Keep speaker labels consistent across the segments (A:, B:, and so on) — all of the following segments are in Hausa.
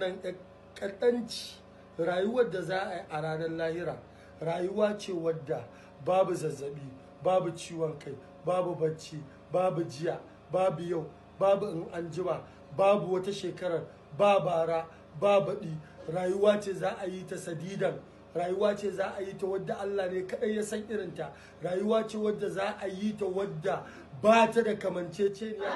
A: wannan ƙatanci rayuwar da za a yi a ranar lahira rayuwa ce wadda babu zazzabi babu ciwon kai babu bacci babu jiya babu yau babu in an jima babu wata shekarar ba bara ba baɗi rayuwa ce za a yi ta sadidan rayuwa ce za a yi ta wadda Allah ne kadai ya san irinta rayuwa ce wadda za a yi ta wadda ba ta da kamanceceniya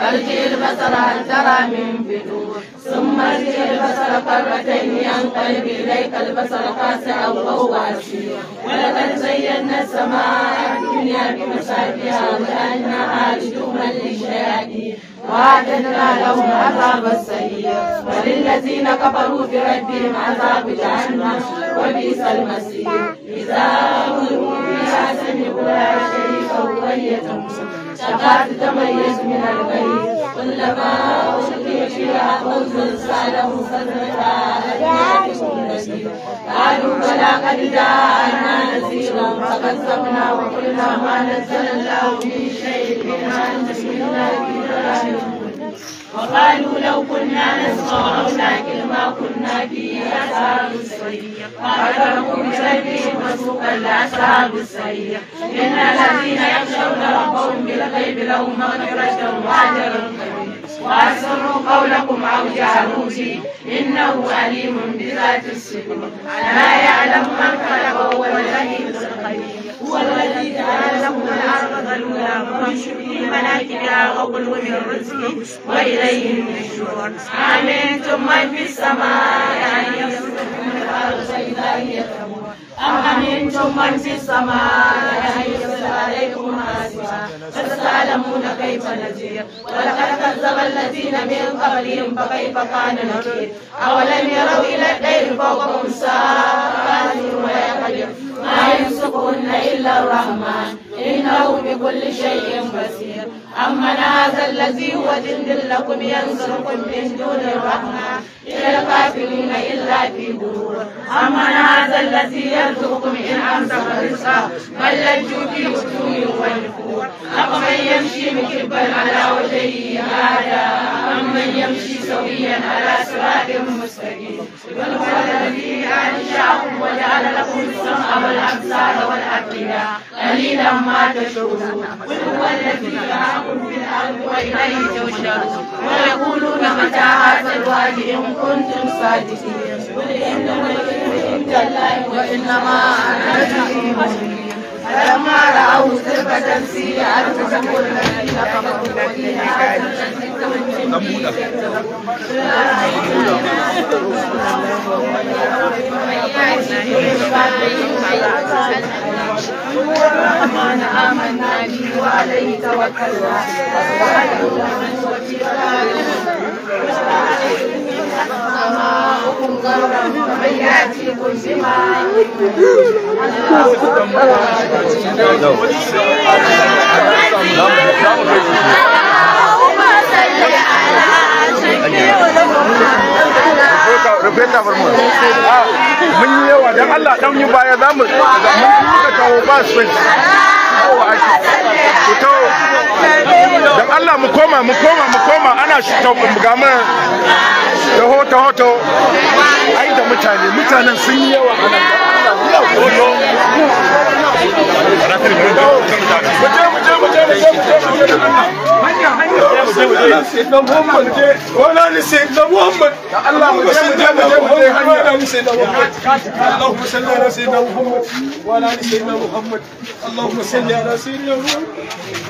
A: أرجع البصر هل
B: ترى من فتور ثم أرجع البصر كرتين ينقلب إليك البصر خاسعا وهو أسير ولقد زينا السماء الدنيا بمصابيح وجعلناها رجوما للشياطين وأعتدنا لهم عذاب السيئ وللذين كفروا في ربهم عذاب جهنم وبئس المسير إذا جزاؤهم فيها سمعوا لا شريك بغيتهم شقات تميز من البيت كلما ألقي فيها فوز سألهم سلمتها أن يكون قالوا بلى قد جاءنا نذيرا فكذبنا وقلنا ما نزل الله من شيء إن أنتم إلا وقالوا لو كنا وأعلموا بسيفهم وسوقا لأصحاب السير إن الذين يخشون ربهم بالغيب لهم مغفرة وأجر كبير وأسروا قولكم أو جعلوا به إنه عليم بذات الصدور لا يعلم من خلق وهو اللطيف الخبير هو الذي جعل لكم الأرض ذلولا فامشوا في مناكبها وكلوا من رزقه
C: وإليه
B: النشور أمنتم من في السماء أن يصرفكم الأرض إذا أم أمنتم من في السماء أن يرسل عليكم حاسبا فستعلمون كيف نذير ولقد كذب الذين من قبلهم فكيف كان نكير أولم يروا إلى الدير فوقهم سائر ويقدر ما يمسكهن إلا الرحمن إنه بكل شيء بصير أمن هذا الذي هو جند لكم ينصركم من دون الرحمن إلى الكافرين إلا في غرور أمن هذا الذي يرزقكم إن أمسك رزقه بل لجوا في عتو ونفور أفمن يمشي مكبا على وجهه هذا أمن يمشي سويا على صراط مستقيم بل هو الذي هداكم وجعل لكم السمع والابصار والافئده قليلا ما تشكرون قل هو الذي جعلكم في الارض واليه تحشرون ويقولون متى هذا الوعد ان كنتم صادقين قل انما العلم عند الله وانما انا نذير مبين فلما راوا زلفه سيئه تسمون الذين كفروا وفي هذا dan buɗa الرحمن آمنا به وعليه توكلنا وسبحانه من سماؤكم ضربا فمن يأتيكم بماء الله rufe ta ah, mun yi yawa don Allah dan yi baya za mu kawo ba
A: don Allah mu koma mu koma mu koma ana shi taho ga mu taho taho taho ai da mutane mutanen sun yi
B: yawa a nan اللهم صل على
A: سيدنا محمد وعلى ال سيدنا محمد اللهم صل على سيدنا محمد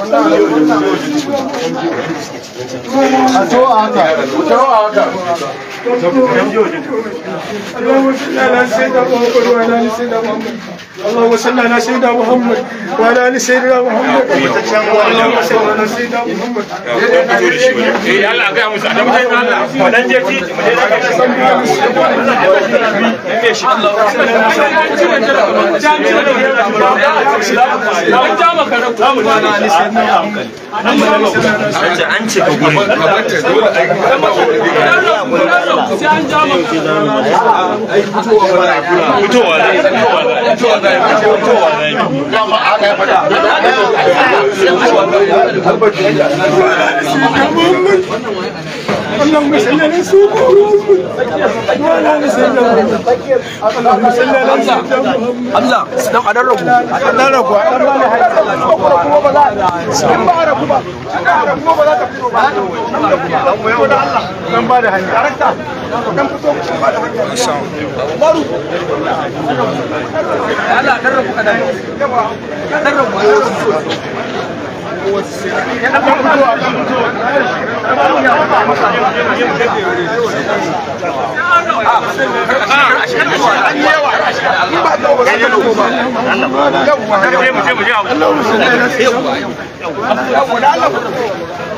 A: a to اللهم صل على سيدنا محمد وعلى ال سيدنا محمد اللهم صل على سيدنا
B: محمد an ce ka guri fitowa da fitowa
A: اللهم صل على سيدنا محمد وعلى ال سيدنا محمد اللهم صل على سيدنا محمد حمزه سنن ادان رغو ادان
B: رغو ادان ما لحي سنن baru Allah dan rabu kadan dan rabu Yau,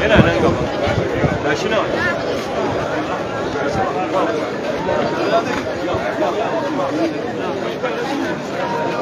B: yana nan gaba ga shi nan Thank you.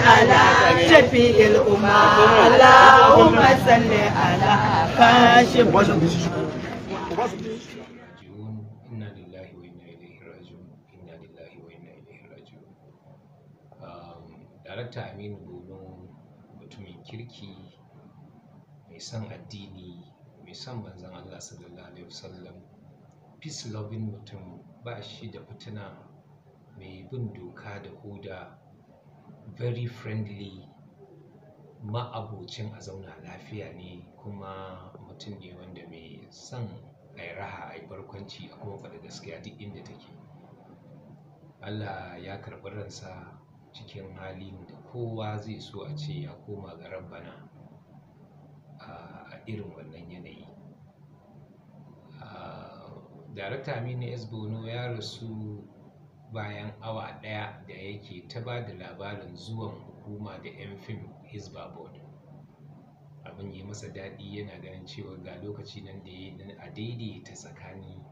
B: Ala شفيع الأمة اللهم صل على
C: كاشف darakta aminu bono mutumin kirki mai son addini mai son manzon allah sallallahu alaihi wasallam peace loving mutum ba shi da fitina mai bin doka da huda very friendly ma'abocin a zauna lafiya ne kuma mutum ne wanda mai son a yi raha a yi barkwanci a kuma faɗi gaskiya duk inda take Allah ya karɓi ransa cikin halin da kowa zai so a ce ya koma ga rabbana a irin wannan yanayi darakta aminu s bono ya rasu bayan awa ɗaya da yake ta ba da labarin zuwan hukuma da 'yan fim hisba board abin ya masa daɗi yana ganin cewa ga lokaci nan da ya yi a daidaita tsakanin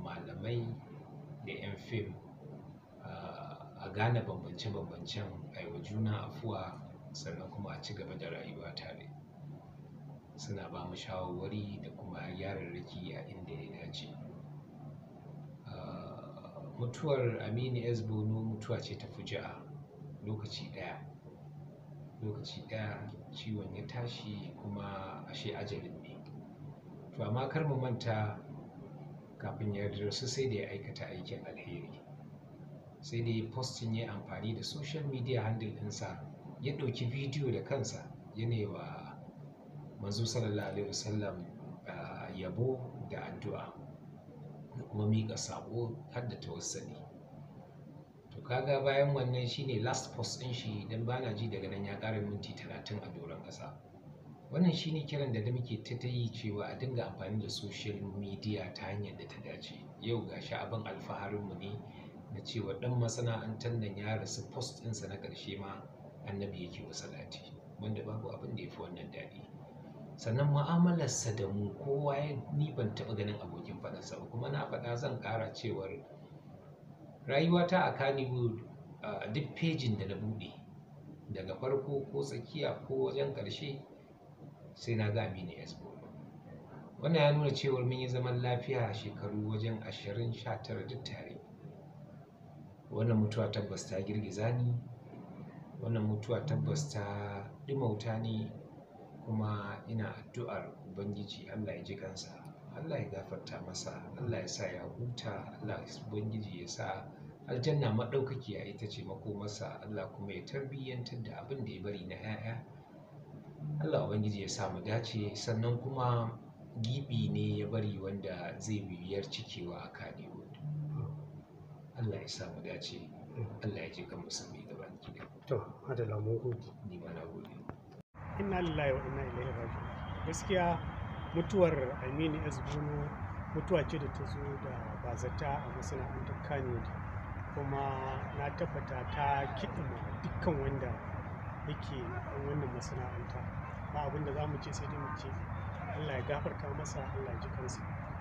C: malamai da 'yan fim a gane bambance-bambancen aiwa juna afuwa sannan kuma a ci gaba da rayuwa tare suna ba mu shawarwari da kuma yararraki a inda ya dace. mutuwar aminu s bono mutuwa ce ta fuji'a lokaci ɗaya lokaci daya ciwon ya tashi kuma ashe ajalin ne to amma kar mu manta kafin ya rasu sai da ya aikata aikin alheri sai da ya postin ya amfani da social media handle ɗinsa ya ɗauki bidiyo da kansa yana wa manzo sallallahu alaihi wasallam ah, yabo da addu'a kuma miƙa sako har da tawassali to kaga bayan wannan shine last post ɗin shi dan bana ji daga nan ya ƙara minti talatin a doron ƙasa wannan shine kiran da muke ta ta cewa a dinga amfani da social media ta hanyar da ta dace yau ga shi abin alfaharinmu ne na cewa ɗan masana'antar nan ya rasu post ɗinsa na ƙarshe ma annabi yake wasalati wanda babu abin da ya fi wannan daɗi sannan mu'amalarsa da mu kowa ya ni ban taɓa ganin abokin faɗarsa ba kuma na faɗa zan ƙara cewar rayuwata a Kannywood a duk fejin da na buɗe daga farko ko tsakiya ko wajen ƙarshe sai na ga Aminu Esbo wannan ya nuna cewar mun yi zaman lafiya a shekaru wajen ashirin sha tara duk tare wannan mutuwa tabbas ta girgiza ni wannan mutuwa tabbas ta dumauta ni kuma ina addu'ar ubangiji allah ya ji kansa allah ya gafarta masa allah ya sa ya huta allah ubangiji ya sa aljanna maɗaukakiya ita ce makomarsa allah kuma ya tarbiyyantar da abin da ya bari na 'ya'ya allah ubangiji ya sa mu dace sannan kuma gibi ne ya bari wanda zai biyar cikewa a kanewood allah ya sa mu dace mm. allah ya ji kan musulmi da baki to adala ni ma gode inna lillahi wa
A: inna ilaihi raji'un gaskiya mutuwar aminu s bono mutuwa ce da ta zo da bazata a masana'antar kano kuma na tabbata ta kiɗima dukkan wanda yake a wannan masana'anta ba abin da za mu ce sai dai mu ce allah ya gafarta masa allah ya ji kansa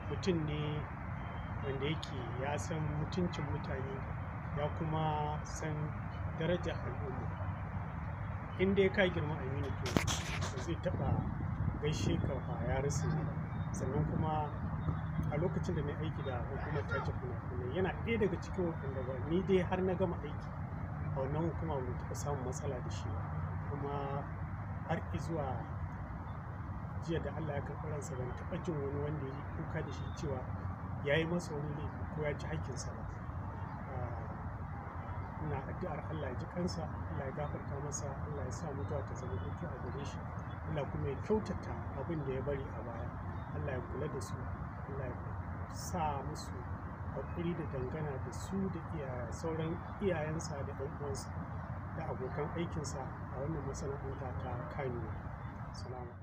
A: mutum ne wanda yake ya san mutuncin mutane ya kuma san darajar al'umma in dai ka girma aminu to ba zai taba gaishe ka ba ya rasu sannan kuma a lokacin da na aiki da hukumar ta tace kuna yana ɗaya daga cikin waɗanda ba ni dai har na gama aiki a wannan hukuma ba taɓa samun matsala da shi kuma har zuwa jiya da Allah ya karɓi ransa ban taɓa jin wani wanda ya yi kuka da shi cewa ya yi masa wani laifi ko ya ci hakkinsa ba na addu'ar Allah ya ji kansa Allah ya gafarta masa Allah ya sa mutuwa ta zama hutu a gare shi Allah kuma ya kyautata abin da ya bari a baya Allah ya kula da su Allah ya sa musu hakuri da dangana da su da iyaye sauran iyayensa da ɗan uwansa da abokan aikinsa a wannan masana'anta ta kanewa salamu